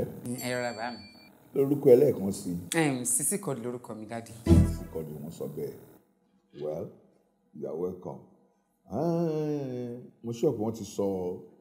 rẹ. ẹ rọra bá mi. lórúkọ ẹlẹ́ẹ̀kan sí. Sisi Quadri lórúkọ mi dáàdi. Sisi Quadri wọ́n sọ bẹ́ẹ̀ well you are welcome. Ah, mo ṣọ́ọ̀bù wọn ti sọ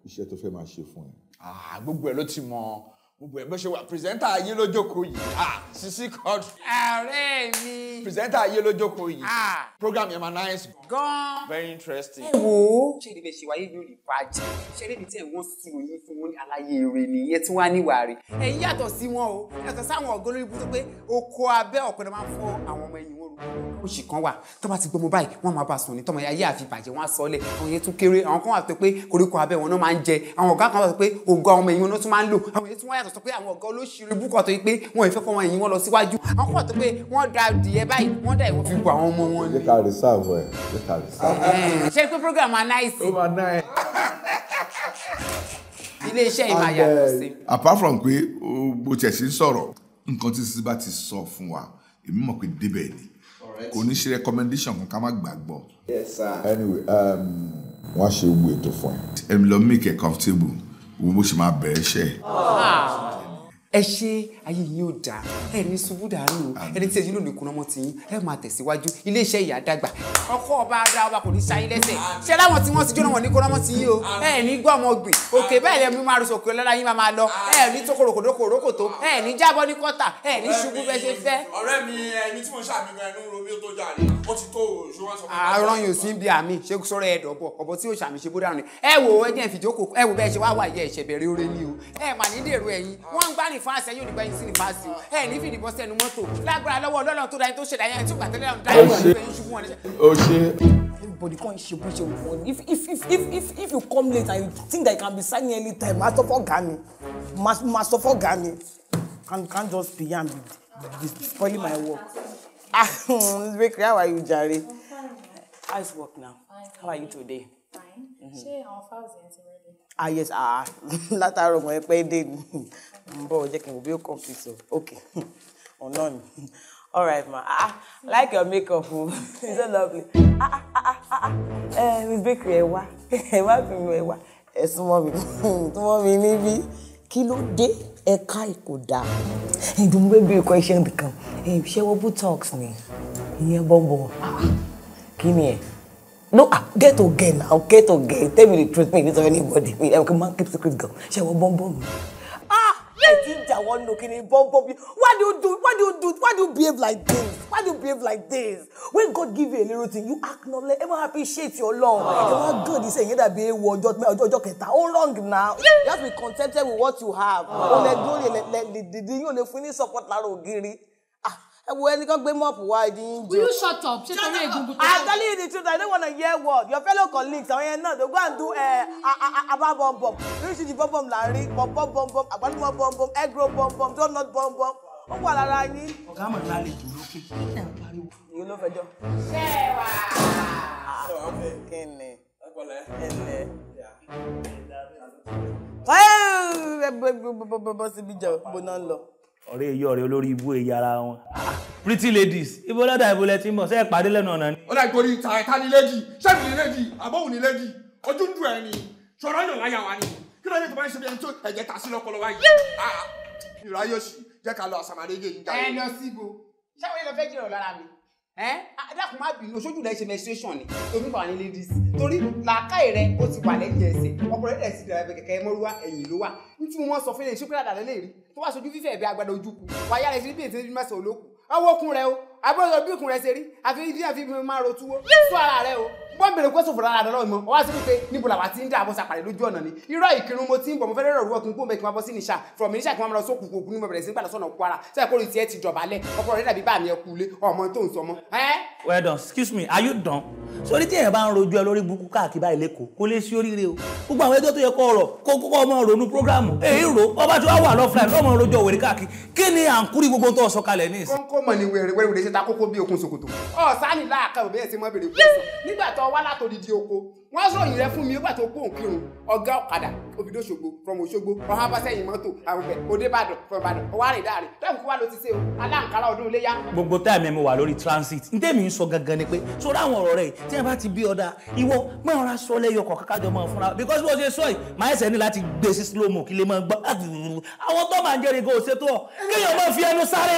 iṣẹ́ tó fẹ́ máa ṣe fún ẹ. Ah, gbogbo ẹ ló ti mọ gbogbo ẹ bó ṣe wà pírẹsẹ́ńtà ayé lójókòó yìí ah, Sisi Quadri. ọ̀rẹ́ mi. Presenter pírẹsẹ̀ntà ayé ló jókòó yìí. Ah. program yẹn máa nice. gan. very interesting. ẹ wo ṣé ibi ìṣèwà yìí yóò lè bàjẹ́ ṣé ibi tí ẹ̀ wọ́n sùn yìí fún wọn àlàyé èrè nìyẹn tí wọ́n á níwà rẹ̀. ẹ̀yin yàtọ̀ sí wọn o yàtọ̀ sáwọn ọ̀gọ́ ibùdó pé oko abẹ́ ọ̀pẹ̀lẹ̀ máa ń fọ àwọn ọmọ ẹ̀yìn wọn rú. oṣù kan wà tó bá ti gbọmọ báyìí wọ́n máa bá sùn ní tọmọ ayé àfi bàjẹ́ wọ́n á sọ ọ́lẹ̀ àwọn yẹn tún kéré àwọn kan wà pé koríko abẹ́ wọn náà máa ń jẹ àwọn ọ̀gá kan wà pé ògùn àwọn ọmọ ẹ̀yìn wọn náà tún máa ń lò àwọn yẹn tún wọ́n yàtọ̀ sọ pé àwọn ọ̀gá olóṣèlú búkọ̀ tó yẹ pé wọ́n ì báyìí wọ́n dà ìwọ́n fi àwọn ọmọ wọn ni. jẹ́ ká rìsáàbù ẹ̀ jẹ́ ká rìsáàbù. Mm, ṣé pé program anáìsì. ó máa ná ẹ. ilé iṣẹ́ ìmọ̀ àyàtọ̀ sí. apart from pé bó tiẹ̀ sí sọ̀rọ̀ nǹkan tí sísí bá ti sọ fún wa èmi mọ̀ pé débẹ̀ ni kò ní ṣe recommendation kan ká má gbàgbọ́. yes sir. anyway um, wọ́n ṣe gbogbo ètò fún ẹ. èmi lọ mí kẹ́ comfortable wo bó ṣe máa bẹ̀rẹ̀ iṣẹ́. Ah ẹ ṣe ayé yìí ó dáa ẹ ní ṣubú dànù ẹni tí ẹyin lòlù ìkùnà ọmọ ti yín ẹ máa tẹ̀síwájú iléeṣẹ́ ìyá dàgbà ọkọ ọba adá ọba kò ní ṣayé lẹ́sẹ̀ ṣé láwọn tí wọ́n ti jóná wọn ní kóná ọmọ ti yín o ẹ ní gbọ́ ọmọ gbìn òkè bẹ́ẹ̀ lẹ́nu máa rúṣọ òkè ọlọ́lá yín máa máa lọ ẹ ní tó kòròkòdókò rókòtó ẹ ní jábọ́ ní kọ́tà ẹ ní ṣubú bẹ́ẹ̀ ṣe fẹ́. ọ̀rẹ́ mi ẹni tí mo ṣàmì ó ti tó òṣù wá sọ pé. àárọ̀ yóò sí bí àmì ṣé sọ́rọ̀ ẹ̀dọ̀ bọ̀ ọ̀bọ̀ tí òṣàmì ṣe bó dànù ni. ẹ wo ẹjẹ ìfìjókòó ẹ wo bẹ́ẹ̀ ṣe wá wà yẹ ìṣẹ̀bẹ̀rẹ̀ oore ni o. ẹ mà ní dèrò ẹ̀yìn wọ́n ń gbá fáṣẹ yóò nígbà yín sí ní fáṣẹ ẹ ní fìdí bọ́ sẹ́nu lágbára lọ́wọ́ ọlọ́run tó dáyé tó ṣẹ̀dá yẹn tí ó gbà dáyé wọ̀ nígbà yín ṣubú wọn níṣẹ́ everybody come ṣe if if if if if you come late and you think that you can be signing anytime ma sọ fọ ga mi ma can can just be yan be be spoiling my work bakery ah, how are you jare how is work now Fine. how are you today. Mm-hmm. ṣé àwọn files yẹn ti ready. ah yes ah Later mo ẹ pé dé ní n bọ̀ jẹ́ complete o okay Oh no. all right ma ah, ah like your makeup it's so lovely ah ah ah ah ah ẹ ah. eh, miss bakery what? wá ẹ wá fi mi ẹ wá ẹ súnmọ́ mi ẹ̀ka ìkò dáa. ìdùnnú bẹ́ẹ̀ bí question kan ṣé wọ́n botox ni ìyẹn bọ́bọ̀ kí ni ẹ̀ no ah get to get now get to get tell me the truth me nítorí anybody me ẹ̀ kí n máa keep secret gan ṣé wọ́n bọ́bọ̀ mi. ah ẹ ti jà wọ́n nù kí ni bọ́bọ̀ mi why do you do why do you do why do you behave like this. Why do you behave like this? When God give you a little thing, you acknowledge, ever appreciate your love. Ah. What God Lord. Ever good, he say, yẹn dàbí ewu ọjọ́ get that all wrong now. You have to be contented with what you have. Oh Olè glory lè dìdí the lè fún ní support lára ògiri. Ah, ẹ wo ẹni kan gbé mọ́ọ̀pù wá ìdí yín jẹ. Will you shut up? Shut up! I'm telling you the truth, I don't want to hear word. Your fellow colleagues àwọn yẹn náà dey go and do eh, a You see the aba bọ̀m̀bọ̀m. Oríṣiríṣi bọ̀m̀bọ̀m là ń rí, bọ̀m̀bọ̀m bọ̀m̀bọ̀m, àgbálùmọ̀ bọ̀m̀bọ̀m, egg roll bọ̀m̀bọ̀m, donut bọ̀m̀bọ̀m ó wà lára yín. ọ̀gá mọ̀ ní alẹ́ ìdúró kí ẹ̀ ń pariwo. èyí ló fẹjọ́. ṣé ẹ wà. kí ni ẹ lẹ. bọ́ síbi jẹ́ gbóná lọ. ọ̀rẹ́ iye ọ̀rẹ́ olórí ibú èyí ara wọn. Ah, pretty ladies ibo lọ́dà ibo lẹ ti mọ̀ ṣé ẹ pàdé lẹ́nu ọ̀nà ni. ó dà ìkórè ìta ni lady ṣẹ́ẹ̀kì ni lady àbọ̀wò ni lady ojú ń dùn ẹ̀ ni ṣọ̀rọ̀ yàn láyà wa ni kí ló dé tó bá ń ṣe bí ẹni tó ẹ̀jẹ̀ ta sí lọ́pọ̀lọpọ̀ yìí. Ah, ìráyọ̀sì jẹ́ ká lọ àsàmàrégé yìí jáde. ẹ lọ síbo ṣáwọn yẹn lọ fẹ́ jìrọ̀ lára mi ẹ dákun má bínú sójú rẹ ṣe menstruation ni omi wà ní ladies torí làákàyè rẹ ó ti wà lẹ́yìn ẹsẹ̀ ọkùnrin rẹ sì dẹrẹ kẹ̀kẹ́ mọrúwá ẹ̀yìn ló wà ní tí mo mọ sọ fún ilé ìṣúpẹ́ àdàlẹ́ lè rí tó wà sójú fífẹ́ ẹ̀bí agbada ojú kù wáyà rẹ sí bí èsì mẹ́sàn-án olókù ọwọ́ kún rẹ o agbọ́dọ̀ bí ìkùn rẹ̀ ṣe rí àfi ìdí àfi mi máa ro túwó sọ ara rẹ o wọ́n bèrè kó sòfò rárá lọ́wọ́ mọ́ ọ wá sí pé níbo làwa ti ń dà àbọ̀ sàpàdé lójú ọ̀nà ni irọ́ ìkírun mo ti ń bọ̀ mo fẹ́rẹ́ rọ̀rùwọ́ kí n kó mẹ́kì máa bọ́ sí nìṣà from nìṣà kí wọ́n máa lọ sókùn kòkun ní mo bẹ̀rẹ̀ sí gbàdọ̀ sọ̀nà kwara sẹ́yìn kórìí tiẹ̀ ti dọ̀bálẹ̀ ọkọ rẹ̀ dàbí bá mi ẹ̀kú lé ọmọ tó ń sọmọ. ẹ́ well done excuse me are you done sórí tí èèyàn bá ń rojú ẹ lórí burúkú káàkiri báyìí lẹ́kọ̀ọ́ kó lè sí oríire o gbogbo àwọn ẹjọ́ tó yẹ kó ọ̀rọ̀ kó kókó ọmọ ronú prógrámù èyí rò ọba tí wàá wà lọ́fúnláì lọ́mọ rojú ọ̀wẹ̀rì káàkiri kí ni à ń kúrí gbogbo tó sọ kalẹ̀ ní ìsìn. kóńkó mọ̀ ni wẹ̀rẹ̀wẹ̀rẹ̀ ṣe ta kókó bí okun ṣòkòtò. ọ̀sánì láàkà òbí ti mọ́ bèrè fún un nígbà tó wá látòdìdí oko wọ́n sọ̀yìn rẹ fún mi nígbà tó gbóhùn kírun ọ̀gá ọ̀kadà òbí dòṣogbo from òṣogbo ọ̀hán abọ́sẹ̀yìn mọ́tò àwọn bẹ̀ òdebàdàn from ìbàdàn ọwọ́ àrèdáàrè tẹ́wọ̀n kó wá ló ti ṣe o aláǹkárá ọdún iléyà. gbogbo táìmù ẹ̀ mo wà lórí transit ní tèmi ń sọ gangan ni pé sórí àwọn ọ̀rọ̀ rẹ̀ tí ẹ bá ti bí ọ̀dà ìwọ máa ra sọ lẹ́yọ kọ̀ kájọ máa fúnra because bó ṣe sọ yìí máa ẹsẹ̀ ní láti gbé sí slow mo kí lè máa gbọ́ àwọn tó máa ń jẹ́rìí kó o ṣètò ọ̀ kéèyàn máa fi ẹnu sáré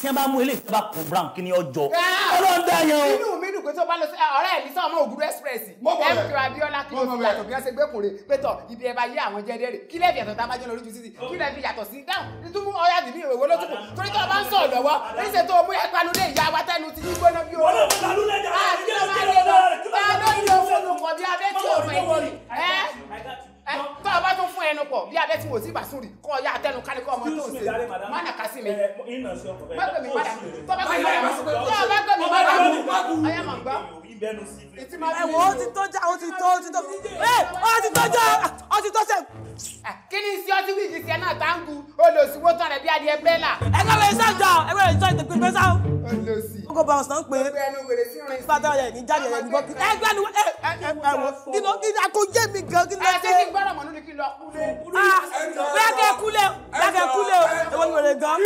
tí wọ́n bá mú eléyìí bá kù brown kí ni ọjọ́ ah! ọlọ́run dá yẹn o. inú mi dùn pé tó bá lọ sí ah, ọ̀rẹ́ ẹ̀ lisa ọmọ ògùrú express ẹ̀ abiola kí ló fi yàtọ̀ bí wọ́n ṣe gbé kùnrin pétọ̀ ibi ẹ̀ bá yé àwọn jẹ́dẹ́rẹ́ kí lẹ́ẹ̀fì yàtọ̀ tá a bá jẹ́ lórí ju títì kí lẹ́ẹ̀fì yàtọ̀ sí dáhùn nítorí ọ̀yà dìbí ìròwó lóṣùkù torí tó o bá ń sọ̀ lọ́wọ́ níṣẹ́ tó mú ẹ̀pá lulẹ̀ ìyá wa tẹnu ti gbóná tọ́ ọ bá tún fún ẹnu pọ̀ bí abẹ́ tí mo sì bà sùn rí kọ́ ọ yá àtẹnu ká ní kọ́ ọmọ tó ń ṣe má nà ká sí mi má gbé mi padà tọ́ ọ bá gbé mi padà tọ́ ọ bá gbé mi padà ọyá mà ń gbọ́. ẹ̀wọ̀n ó ti tó já ó ti tó ó ti tó ẹ̀ ó ti tó já ó ti tó sẹ̀. kí ni sí ọtí wíìgì sí ẹ náà tá ń gu olùsíwó tán rẹ bí adìẹ bẹ́là. ẹgbẹ́ rẹ̀ iṣẹ́ ìjọ ẹgbẹ́ rẹ̀ iṣẹ́ ìtẹ̀kùn ìgbésà. olùsí. kókó bá ọ̀sán pé. gbogbo ẹnu wèrè sí ìrìn. fúlàtà rẹ̀ ní jáde rẹ̀ ní bọ́ọ̀kì. ẹgbẹ́ ni ẹ ẹ ẹ wo kí ló kí ni a kò yé mi gan kí ló. ẹ Ah, bẹ́ẹ̀ kẹ́ kúlẹ̀ bẹ́ẹ̀ kẹ́ kúlẹ̀ o èwo ni wèrè gan.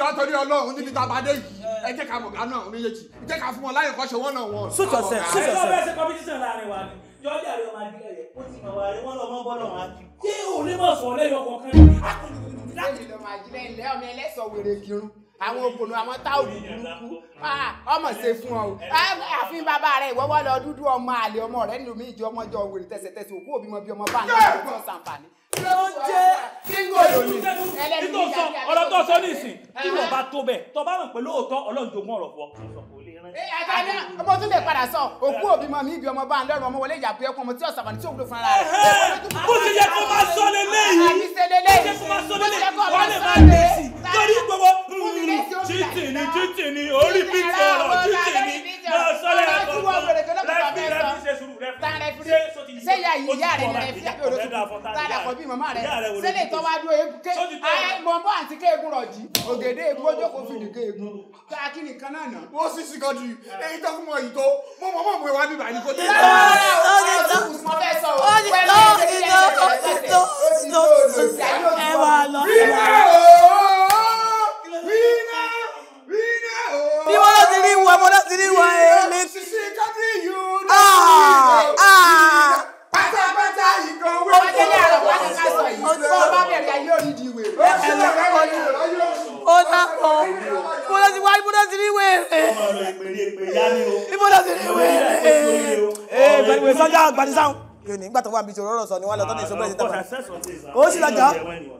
yàtọ̀ ní ọlọ́run níbi tá a bá dé yìí ẹ jẹ́ ká mọ̀ gánà àwọn méjèèjì ẹ jẹ́ ká fún wọn láyè kọ́ṣe wọn náà wọn. suit yourself suit yourself. ẹ lọ bẹ ṣe competition láàrin wa ni jọjọ àrẹ ọmọ àdìrẹ rẹ ó ti mọ wàrẹ wọn lọ mọ bọlọ wọn àti. ṣé òun ní mọ̀ sọ̀rọ̀ lẹ́yìn ọkọ̀ kan àwọn òkòlò àwọn táòlù burúkú ọmọ ṣe fún ọ àfin bàbá rẹ ìwọ wà lọ dúdú ọmọ àlè ọmọ rẹ nílùú mi ìjọ ọmọ jọ wèrè tẹsẹtẹsẹ òkú òbí mọ bí ọmọ bá ń lọ sí ọsàn fàní. ṣé ó jẹ́ kíngò lónìí títò sọ ọ̀rọ̀ tó sọ nísìn tí mo bá tó bẹ̀ tó bá mọ̀ pé lóòótọ́ ọlọ́run jogún ọ̀rọ̀ fún ọ ẹ̀ka ní ọmọ tún lè padà sọ òkú òbí mọ mi ibi ọmọ bá ń lọ́rùn ọmọ wọlé ìyàpẹ́ ọkọ ọmọ tí ọ̀sán àbàní tí òun ló fún ara rẹ̀. bó ti yẹ kó máa sọ lélẹ́yìí bó ti yẹ kó máa sọ lélẹ́yìí wà á lè máa lè sí torí gbogbo títì ni títì ni orí bíìtì ọ̀rọ̀ títì ni máa sọ́lẹ̀ àkọ́kọ́ rẹ́fì rẹ́fì ṣe sùúrù rẹ́fì ṣe sọ́tì ní sẹ́yà yìí ìyá rẹ̀ rẹ́fì àbí olóṣù tààdà kọ́ bí màmá rẹ̀ sẹ́lẹ̀ tó wá dúró eégún ké mọ̀mọ́ àti kéégún rọ̀ jí ògèdè eégún ó jókòó fìdí kéégún káàkiri nìkan náà nà. ó sì sì kọ́ ju èyí tó fún mọ yìí tó mọ mọ mọ ìwà bíbà ní kò tẹ́lẹ̀. ó ní tó ó ní tó ó ní tó ó ní tó ó ní tó ẹ wà lọ. for that city wa èmi. sisi kadi yu ló ń bí i. pátápátá ìgò wé. ọjọ́ ní àlọ́ wá ní ká sọ yìí. ọjọ́ bá bẹ̀rẹ̀ ayé òní di ìwé. ó ti lọ kọ́ ni ó ta kọ́. bọ́dọ̀ ti wá bọ́dọ̀ ti rí ìwé rẹ̀. ọmọ rẹ̀ ìpèrè ìpè yá ni o. bọ́dọ̀ ti rí ìwé rẹ̀. ee eh, gbàdúgbò sọ́jà gbàdúgbò sáwọn ni nígbà tó wà bí ti rọrọ ni wọn lọ tọ́ni ìṣòro ìṣẹ́ta pàdé ó sì lọ́jà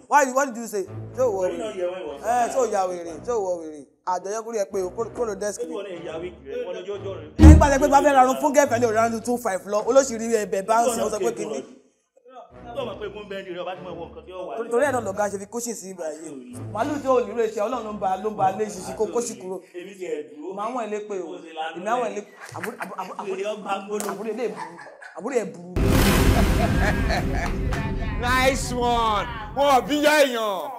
why why did you say ṣé òwò wèrè ẹ eh, ṣé òyà wèrè ṣé òwò wèrè àjọyọkùnrin ẹ pé kóró desk ni. nígbà tó pé bá fẹ́ rarun fún gẹ́fẹ́ ní òrìrà ní two five lọ olóṣèlú ẹ̀bẹ̀ báńsì ó sọ pé kínní. torí ẹ̀ náà ṣe fi kóṣì sí ibà yìí màálù tó ò lérò iṣẹ́ ọlọ́run ló ń ba lé ṣiṣi kó kóṣì kúrò ìmọ̀ àwọn ilé o ìmọ̀ àwọn ilé àbúrò ẹ̀ burú. nice one wọn ò bí yá èèyàn.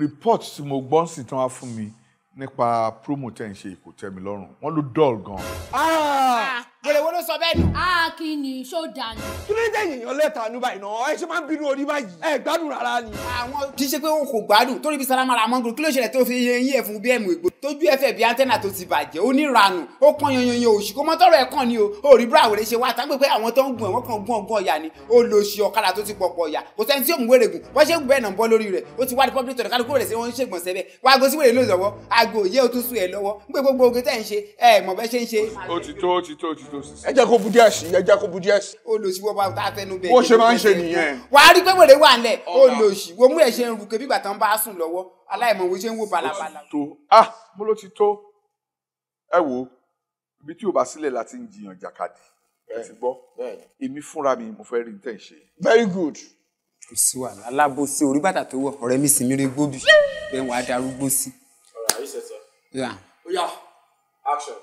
report tí mo gbọ́ sí tán wá fún mi nípa promo tẹ̀ ń ṣe kò tẹ́ mi lọ́rùn wọ́n ló dull gan. Ah! wèrè wo ló sọ bẹ́ẹ̀ nù. a kì í ní ṣó dànù. kí ló ń tẹ èèyàn lẹ́ta ní báyìí náà ẹ ṣe máa ń bínú orí báyìí. ẹ gbádùn rárá ni. àwọn kì í ṣe pé òun kò gbádùn torí bí sálámà ra mọ́ngòrò kí ló ṣẹlẹ̀ tó fi yẹ yín ẹ̀ fún bí ẹ̀mú ìgbò. tójú ẹ̀fẹ̀ bíi antenna tó ti bàjẹ́ ó níranù ó pọn yanyanyan òṣì kó mọ́ tọrọ ẹ̀ kàn ni o ò rí búra wèrè ṣe wá tágbé pé àwọn tó ń gun ẹ̀wọ́n kan gun ọgbọ́n ọ̀yà ni ó lo ṣe ọ̀kadà tó ti pọ̀pọ̀ ọ̀yà kò sẹ́ni tí òun wèrè gùn wọ́n ṣe ń gbẹ́ ẹ̀nà bọ́ lórí rẹ̀ ó ti wá ní public toilet kálukú rẹ̀ sí wọ́n ń ṣègbọ̀n sẹ́bẹ̀ wá aago sí wèrè lóòzọ́wọ́ aago òye ó tún sùn ẹ̀ lọ́wọ́ gbé gbogbo oge tẹ̀ ń ṣe ẹ̀ mọ̀ bẹ́ ṣe ń ṣe. ó ti tó ó ti tó ó ti tó ẹ jẹ́ kó bu díẹ̀ sí ẹ jẹ́ kó bu díẹ̀ sí. olùsí wọ́n bá ta tẹnu bẹ́ẹ̀. bó ṣe máa ń ṣe nìyẹn. wà á rí pé wèrè wà nílẹ̀ olùsí wo mú ẹ̀ ṣe ń ru kébí ìgbà tán bá sùn lọ́wọ́ aláìmọ̀wé ṣe ń wò balabala. tó ah mo ló ti tó ẹ wo ibi tí o bá sílẹ̀ láti ń jiyàn jàkadì ẹ ti gbọ́ èmi fúnra mi mo fẹ́ rí n tẹ̀ ṣe. very good. kò sí wàhálà alábòsí orí bàtà tó wọ ọ̀rẹ́ mi sì mí rí gbóbi bẹ́ẹ̀ wàá darúgbó sí. ọ̀rọ̀ àyíṣẹ́ sọ. ó yá action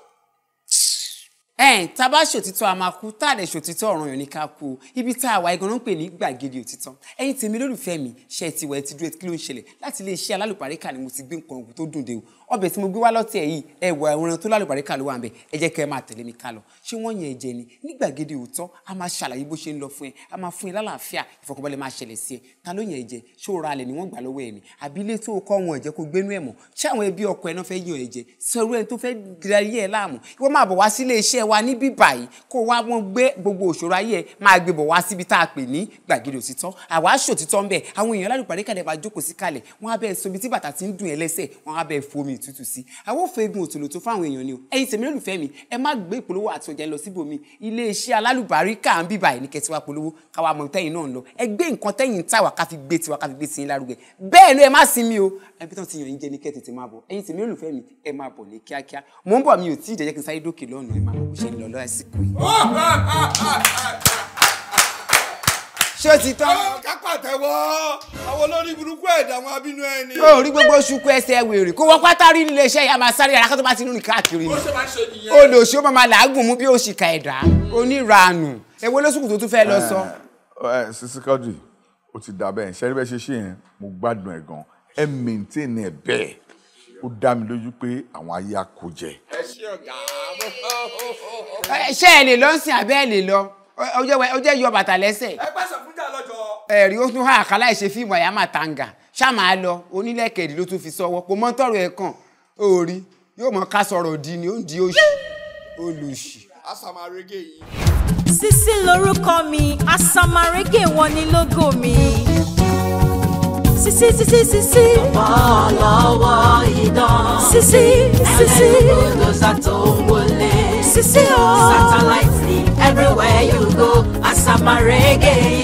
ẹ̀ẹ́n tá a bá ṣòtítọ́ a máa kú tá a lè ṣòtítọ́ ọ̀ràn yàn ní ká kú o ibi tá a wà igan náà ń pè ní gbàgede òtítọ́ ẹ̀yin tèmi lólùfẹ́ mi ṣe ti wẹ̀ ti dúró kí ló ń ṣẹlẹ̀ láti iléeṣẹ́ alálùpàrẹ́kà ni mo ti gbé nǹkan ògùn tó dùn dé o ọbẹ̀ tí mo gbé wá lọ́tì ẹ̀ yìí ẹ wọ ẹran tó lálùbáríkà ló wà ń bẹ ẹ jẹ́ kẹ́ ẹ máa tẹ̀lé mi ká lọ ṣé wọ́n yẹn jẹ ni ní gbàgede òótọ́ a máa ṣàlàyé bó ṣe ń lọ fún ẹ a máa fún ẹ lálàáfíà ìfọkànbalẹ̀ máa ṣẹlẹ̀ sí ẹ ta ló yẹn jẹ ṣé o ra alẹ̀ ni wọ́n gbà lọ́wọ́ ẹ ni àbí ilé tó kọ́ wọn ẹ̀jẹ̀ kó gbénú ẹ̀ mọ̀ ṣé àwọn ẹbí ọkọ ẹ náà fẹ́ yàn ẹ jẹ sọrú ẹ tó fẹ́ darí ẹ láàmú ìwọ máa bọ̀ wá sí ilé iṣẹ́ wa níbí báyìí kó wá wọn gbé gbogbo òṣòro ayé ẹ máa gbé bọ̀ wá síbi tá a pè ní gbàgede òtítọ́ àwa ṣòtítọ́ ń bẹ àwọn èèyàn lálùpàdé máa jókòó sí kalẹ̀ wọ́n á bẹ́ẹ̀ sobi tí bàtà ti ń dùn ẹ lẹ́sẹ̀ wọ́n á bẹ́ẹ̀ fomi tútù sí àwọn òfin egun òtòlótò fáwọn èèyàn ni o ẹ̀yin tèmi lólùfẹ́ mi ẹ má gbé ìpolówó àti ọjà lọ síbòmí iléeṣẹ́ alálùbáríkà ń bíbà ẹ̀ ní kẹtiwa polówó káwa mọ tẹ́yìn náà lọ ẹ gbé nǹkan tẹ́yìn ń tàwa ká fi gbé tiwa ká fi gbé tiyín lárugẹ bẹ́ẹ̀ ló ẹ má sinmi o ẹbí tán ti yàn yín jẹ ní kẹ́ tètè máa bọ̀ ẹ̀yin tèmi lólùfẹ́ mi ẹ máa bọ̀ ní kíákíá mò ń bọ̀ mi ò tí ì jẹ́jẹ́ kí n sáré dókè lọ́nà ẹ máa bọ̀ ṣe lọ lọ́sìkò ṣé ti tán. kápá tẹ̀wọ́ àwọn olórí burúkú ẹ̀dá àwọn abínú ẹni. o rí gbogbo ṣukú ẹsẹ̀ wèrè kó wọ́n pátá rí nílé iṣẹ́ yàrá sáré ara kó tó bá ti rìn káàkiri ni. olùsí ó máa máa làágùn mú bí òṣìkà ẹ̀dá oníranù èwo lóṣùkù tó tún fẹ́ lọ sọ. ẹ sisi Quadri o ti dà bẹ́ẹ̀ ṣẹ́rí bẹ́ẹ̀ ṣe ṣe yẹn mo gbádùn ẹ ṣe ẹ lè lọ sí abẹ́ ẹ lè lọ ọjọ́ yọ bàtà lẹ́sẹ̀. ẹ pẹ́ ẹ̀rí ó tún hàn àkàlà fíìmù àyàmà tàǹgà ṣáàmà á lọ onílẹ̀kẹ̀dì ló tún fi sọ́wọ́ kò mọ́ tọ̀rọ̀ ẹ̀ kàn òòrí yóò mọ ká sọ̀rọ̀ di ni ó ń di òṣì olùṣì. asamarege yìí. Sisi lorúkọ mi asamarege wọn ni lógo mi. Sisi sisi sisi. ọ̀pọ̀ lọ́wọ́ idan. Sisi sisi. ẹlẹ́gbọ̀dọ̀ sàtò ń wọlé. Sisi o. Oh. satellite everywhere you go asamarege yìí.